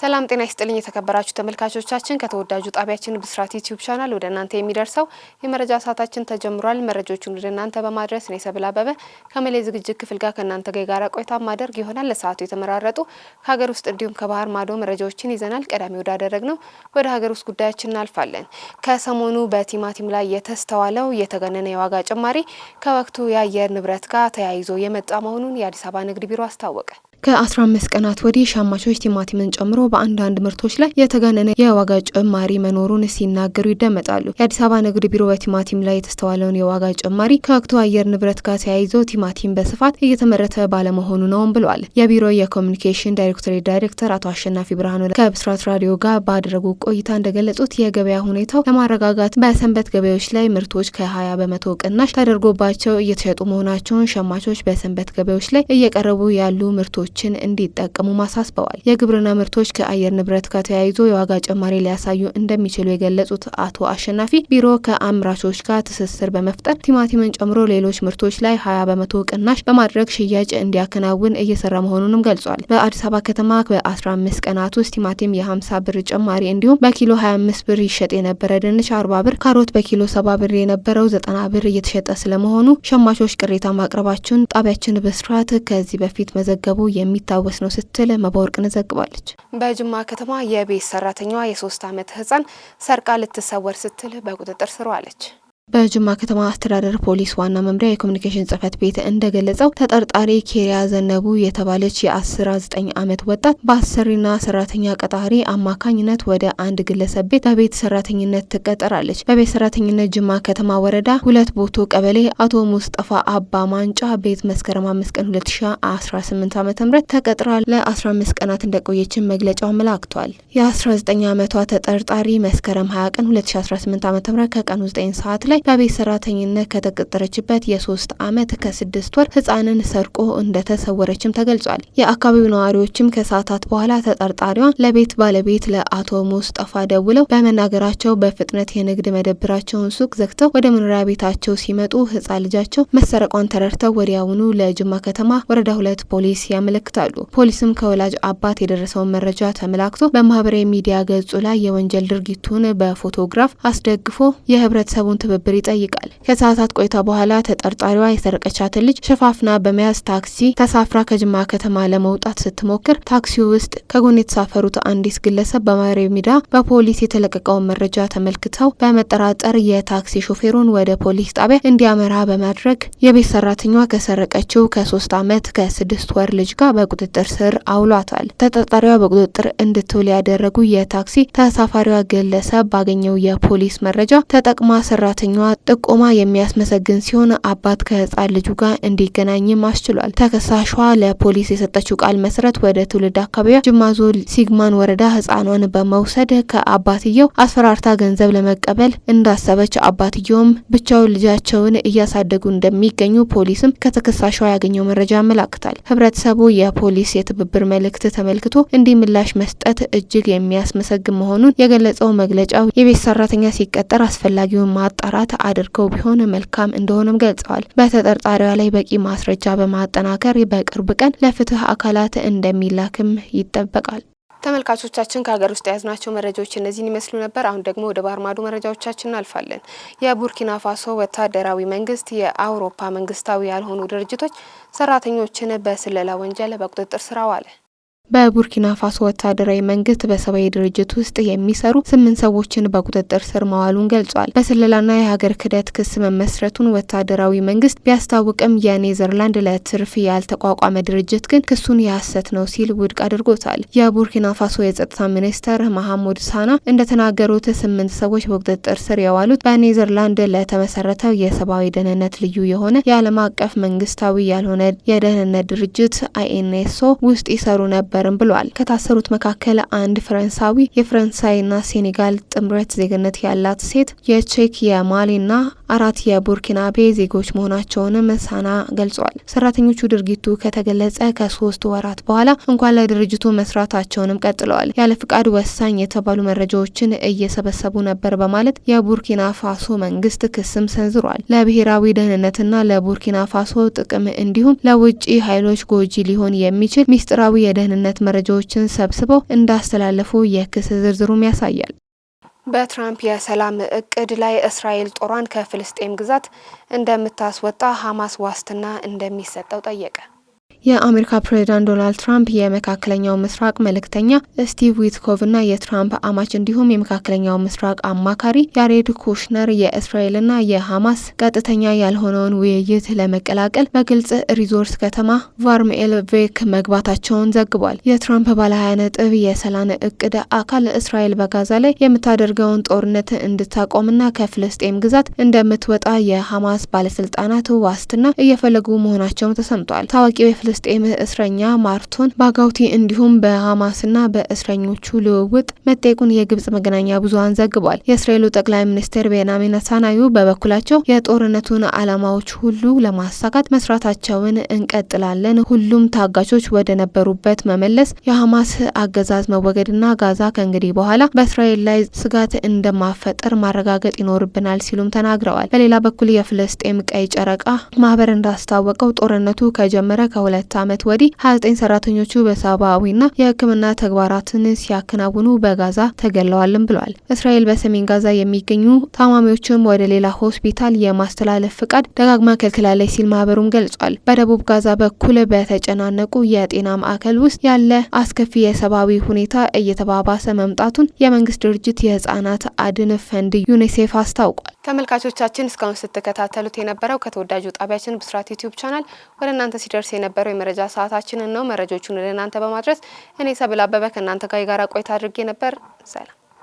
ሰላም ጤና ይስጥልኝ የተከበራችሁ ተመልካቾቻችን፣ ከተወዳጁ ጣቢያችን ብስራት ዩቲዩብ ቻናል ወደ እናንተ የሚደርሰው የመረጃ ሰዓታችን ተጀምሯል። መረጃዎቹን ወደ እናንተ በማድረስ እኔ ሰብል አበበ ከመሌ ዝግጅት ክፍል ጋር ከእናንተ ጋር የጋራ ቆይታ ማደርግ ይሆናል። ለሰዓቱ የተመራረጡ ከሀገር ውስጥ እንዲሁም ከባህር ማዶ መረጃዎችን ይዘናል። ቀዳሚ ወዳደረግ ነው ወደ ሀገር ውስጥ ጉዳያችን እናልፋለን። ከሰሞኑ በቲማቲም ላይ የተስተዋለው የተገነነ የዋጋ ጭማሪ ከወቅቱ የአየር ንብረት ጋር ተያይዞ የመጣ መሆኑን የአዲስ አበባ ንግድ ቢሮ አስታወቀ። ከ15 ቀናት ወዲህ ሸማቾች ቲማቲምን ጨምሮ በአንዳንድ ምርቶች ላይ የተጋነነ የዋጋ ጭማሪ መኖሩን ሲናገሩ ይደመጣሉ። የአዲስ አበባ ንግድ ቢሮ በቲማቲም ላይ የተስተዋለውን የዋጋ ጭማሪ ከወቅቱ አየር ንብረት ጋር ተያይዞ ቲማቲም በስፋት እየተመረተ ባለመሆኑ ነውም ብለዋል። የቢሮ የኮሚኒኬሽን ዳይሬክቶሬት ዳይሬክተር አቶ አሸናፊ ብርሃኑ ከብስራት ራዲዮ ጋር ባደረጉ ቆይታ እንደገለጹት የገበያ ሁኔታው ለማረጋጋት በሰንበት ገበያዎች ላይ ምርቶች ከ20 በመቶ ቅናሽ ተደርጎባቸው እየተሸጡ መሆናቸውን ሸማቾች በሰንበት ገበያዎች ላይ እየቀረቡ ያሉ ምርቶች ምርቶችን እንዲጠቀሙ ማሳስበዋል። የግብርና ምርቶች ከአየር ንብረት ጋር ተያይዞ የዋጋ ጭማሪ ሊያሳዩ እንደሚችሉ የገለጹት አቶ አሸናፊ ቢሮ ከአምራቾች ጋር ትስስር በመፍጠር ቲማቲምን ጨምሮ ሌሎች ምርቶች ላይ 20 በመቶ ቅናሽ በማድረግ ሽያጭ እንዲያከናውን እየሰራ መሆኑንም ገልጿል። በአዲስ አበባ ከተማ በ15 ቀናት ውስጥ ቲማቲም የ50 ብር ጭማሪ እንዲሁም በኪሎ 25 ብር ይሸጥ የነበረ ድንች 40 ብር፣ ካሮት በኪሎ 70 ብር የነበረው 90 ብር እየተሸጠ ስለመሆኑ ሸማቾች ቅሬታ ማቅረባቸውን ጣቢያችን በስርዓት ከዚህ በፊት መዘገቡ የሚታወስ ነው ስትል መባወርቅን ዘግባለች። በጅማ ከተማ የቤት ሰራተኛዋ የሶስት ዓመት ህፃን ሰርቃ ልትሰወር ስትል በቁጥጥር ስር ዋለች። በጅማ ከተማ አስተዳደር ፖሊስ ዋና መምሪያ የኮሚኒኬሽን ጽህፈት ቤት እንደገለጸው ተጠርጣሪ ኬሪያ ዘነቡ የተባለች የ19 ዓመት ወጣት በአሰሪና ሰራተኛ ቀጣሪ አማካኝነት ወደ አንድ ግለሰብ ቤት በቤት ሰራተኝነት ትቀጠራለች። በቤት ሰራተኝነት ጅማ ከተማ ወረዳ ሁለት ቦቶ ቀበሌ አቶ ሙስጠፋ አባ ማንጫ ቤት መስከረም 5 ቀን 2018 ዓ ም ተቀጥራ ለ15 ቀናት እንደቆየችን መግለጫው አመላክቷል። የ19 ዓመቷ ተጠርጣሪ መስከረም 20 ቀን 2018 ዓ ም ከቀኑ 9 ሰዓት ላይ ላይ በቤት ሰራተኝነት ከተቀጠረችበት የሶስት ዓመት ከስድስት ወር ህጻንን ሰርቆ እንደተሰወረችም ተገልጿል። የአካባቢው ነዋሪዎችም ከሰዓታት በኋላ ተጠርጣሪዋን ለቤት ባለቤት ለአቶ ሙስጠፋ ደውለው በመናገራቸው በፍጥነት የንግድ መደብራቸውን ሱቅ ዘግተው ወደ መኖሪያ ቤታቸው ሲመጡ ህጻን ልጃቸው መሰረቋን ተረድተው ወዲያውኑ ለጅማ ከተማ ወረዳ ሁለት ፖሊስ ያመለክታሉ። ፖሊስም ከወላጅ አባት የደረሰውን መረጃ ተመላክቶ በማህበራዊ ሚዲያ ገጹ ላይ የወንጀል ድርጊቱን በፎቶግራፍ አስደግፎ የህብረተሰቡን ትብብር ትብብር ይጠይቃል። ከሰዓታት ቆይታ በኋላ ተጠርጣሪዋ የሰረቀቻትን ልጅ ሸፋፍና በመያዝ ታክሲ ተሳፍራ ከጅማ ከተማ ለመውጣት ስትሞክር ታክሲ ውስጥ ከጎን የተሳፈሩት አንዲት ግለሰብ በማሬ ሚዳ በፖሊስ የተለቀቀውን መረጃ ተመልክተው በመጠራጠር የታክሲ ሾፌሩን ወደ ፖሊስ ጣቢያ እንዲያመራ በማድረግ የቤት ሰራተኛዋ ከሰረቀችው ከሶስት ዓመት ከስድስት ወር ልጅ ጋር በቁጥጥር ስር አውሏታል። ተጠርጣሪዋ በቁጥጥር እንድትውል ያደረጉ የታክሲ ተሳፋሪዋ ግለሰብ ባገኘው የፖሊስ መረጃ ተጠቅማ ሰራተኛ ሰራተኛዋ ጥቆማ የሚያስመሰግን ሲሆን አባት ከህፃን ልጁ ጋር እንዲገናኝም አስችሏል። ተከሳሿ ለፖሊስ የሰጠችው ቃል መሰረት ወደ ትውልድ አካባቢዋ ጅማ ዞን ሲግማን ወረዳ ህፃኗን በመውሰድ ከአባትየው አስፈራርታ ገንዘብ ለመቀበል እንዳሰበች አባትየውም ብቻውን ልጃቸውን እያሳደጉ እንደሚገኙ ፖሊስም ከተከሳሿ ያገኘው መረጃ አመላክታል። ህብረተሰቡ የፖሊስ የትብብር መልእክት ተመልክቶ እንዲህ ምላሽ መስጠት እጅግ የሚያስመሰግን መሆኑን የገለጸው መግለጫው የቤት ሰራተኛ ሲቀጠር አስፈላጊውን ማጣራት ጥናት አድርገው ቢሆን መልካም እንደሆነም ገልጸዋል። በተጠርጣሪዋ ላይ በቂ ማስረጃ በማጠናከር በቅርብ ቀን ለፍትህ አካላት እንደሚላክም ይጠበቃል። ተመልካቾቻችን ከሀገር ውስጥ የያዝናቸው መረጃዎች እነዚህን ይመስሉ ነበር። አሁን ደግሞ ወደ ባህር ማዶ መረጃዎቻችን እናልፋለን። የቡርኪና ፋሶ ወታደራዊ መንግስት የአውሮፓ መንግስታዊ ያልሆኑ ድርጅቶች ሰራተኞችን በስለላ ወንጀል በቁጥጥር ስር አዋለ። በቡርኪና ፋሶ ወታደራዊ መንግስት በሰብአዊ ድርጅት ውስጥ የሚሰሩ ስምንት ሰዎችን በቁጥጥር ስር ማዋሉን ገልጿል። በስለላና የሀገር ክህደት ክስ መመስረቱን ወታደራዊ መንግስት ቢያስታውቅም የኔዘርላንድ ለትርፍ ያልተቋቋመ ድርጅት ግን ክሱን የሐሰት ነው ሲል ውድቅ አድርጎታል። የቡርኪና ፋሶ የጸጥታ ሚኒስተር መሐሙድ ሳና እንደተናገሩት ስምንት ሰዎች በቁጥጥር ስር የዋሉት በኔዘርላንድ ለተመሰረተው የሰብአዊ ደህንነት ልዩ የሆነ የዓለም አቀፍ መንግስታዊ ያልሆነ የደህንነት ድርጅት አይኤንኤስኦ ውስጥ ይሰሩ ነበር ነበርም ብሏል። ከታሰሩት መካከል አንድ ፈረንሳዊ፣ የፈረንሳይና ሴኔጋል ጥምረት ዜግነት ያላት ሴት፣ የቼክ የማሊና አራት የቡርኪናቤ ዜጎች መሆናቸውንም ሳና ገልጿል። ሰራተኞቹ ድርጊቱ ከተገለጸ ከሶስት ወራት በኋላ እንኳን ለድርጅቱ መስራታቸውንም ቀጥለዋል። ያለ ፍቃድ ወሳኝ የተባሉ መረጃዎችን እየሰበሰቡ ነበር በማለት የቡርኪና ፋሶ መንግስት ክስም ሰንዝሯል። ለብሔራዊ ደህንነትና ለቡርኪና ፋሶ ጥቅም እንዲሁም ለውጭ ኃይሎች ጎጂ ሊሆን የሚችል ሚስጥራዊ የደህንነት መረጃዎችን ሰብስበው እንዳስተላለፉ የክስ ዝርዝሩም ያሳያል። በትራምፕ የሰላም እቅድ ላይ እስራኤል ጦሯን ከፍልስጤም ግዛት እንደምታስወጣ ሐማስ ዋስትና እንደሚሰጠው ጠየቀ። የአሜሪካ ፕሬዚዳንት ዶናልድ ትራምፕ የመካከለኛው ምስራቅ መልእክተኛ ስቲቭ ዊትኮቭና የትራምፕ አማች እንዲሁም የመካከለኛው ምስራቅ አማካሪ ያሬድ ኩሽነር የእስራኤልና የሐማስ ቀጥተኛ ያልሆነውን ውይይት ለመቀላቀል በግልጽ ሪዞርት ከተማ ቫርምኤል ቬክ መግባታቸውን ዘግቧል። የትራምፕ ባለ ሀያ ነጥብ የሰላም እቅድ አካል እስራኤል በጋዛ ላይ የምታደርገውን ጦርነት እንድታቆምና ከፍልስጤም ግዛት እንደምትወጣ የሐማስ ባለስልጣናት ዋስትና እየፈለጉ መሆናቸውም ተሰምቷል። ታዋቂው የፍልስጤም እስረኛ ማርቶን ባጋውቲ እንዲሁም በሐማስና በእስረኞቹ ልውውጥ መጠየቁን የግብጽ መገናኛ ብዙሀን ዘግቧል። የእስራኤሉ ጠቅላይ ሚኒስትር ቤንያሚን ኔታንያሁ በበኩላቸው የጦርነቱን ዓላማዎች ሁሉ ለማሳካት መስራታቸውን እንቀጥላለን፣ ሁሉም ታጋቾች ወደ ነበሩበት መመለስ፣ የሐማስ አገዛዝ መወገድና ጋዛ ከእንግዲህ በኋላ በእስራኤል ላይ ስጋት እንደማፈጠር ማረጋገጥ ይኖርብናል ሲሉም ተናግረዋል። በሌላ በኩል የፍልስጤም ቀይ ጨረቃ ማህበር እንዳስታወቀው ጦርነቱ ከጀመረ ከሁለት ሁለት ዓመት ወዲህ 29 ሰራተኞቹ በሰብአዊና የሕክምና ተግባራትን ሲያከናውኑ በጋዛ ተገለዋልም ብሏል። እስራኤል በሰሜን ጋዛ የሚገኙ ታማሚዎችም ወደ ሌላ ሆስፒታል የማስተላለፍ ፍቃድ ደጋግማ ከልክላለች ሲል ማህበሩም ገልጿል። በደቡብ ጋዛ በኩል በተጨናነቁ የጤና ማዕከል ውስጥ ያለ አስከፊ የሰብአዊ ሁኔታ እየተባባሰ መምጣቱን የመንግስት ድርጅት የህጻናት አድን ፈንድ ዩኒሴፍ አስታውቋል። ተመልካቾቻችን እስካሁን ስትከታተሉት የነበረው ከተወዳጁ ጣቢያችን ብስራት ዩቲዩብ ቻናል ወደ እናንተ ሲደርስ የነበረው የዛሬው የመረጃ ሰዓታችንን ነው። መረጃዎቹን ለእናንተ በማድረስ እኔ ሰብል አበበ ከእናንተ ጋር የጋራ ቆይታ አድርጌ ነበር። ሰላም